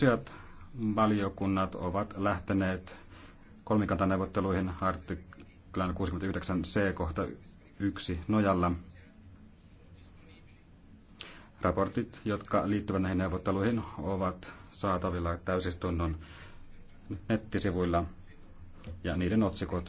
Useat valiokunnat ovat lähteneet kolmikantaneuvotteluihin artiklan 69c kohta 1 nojalla. Raportit, jotka liittyvät näihin neuvotteluihin, ovat saatavilla täysistunnon nettisivuilla ja niiden otsikot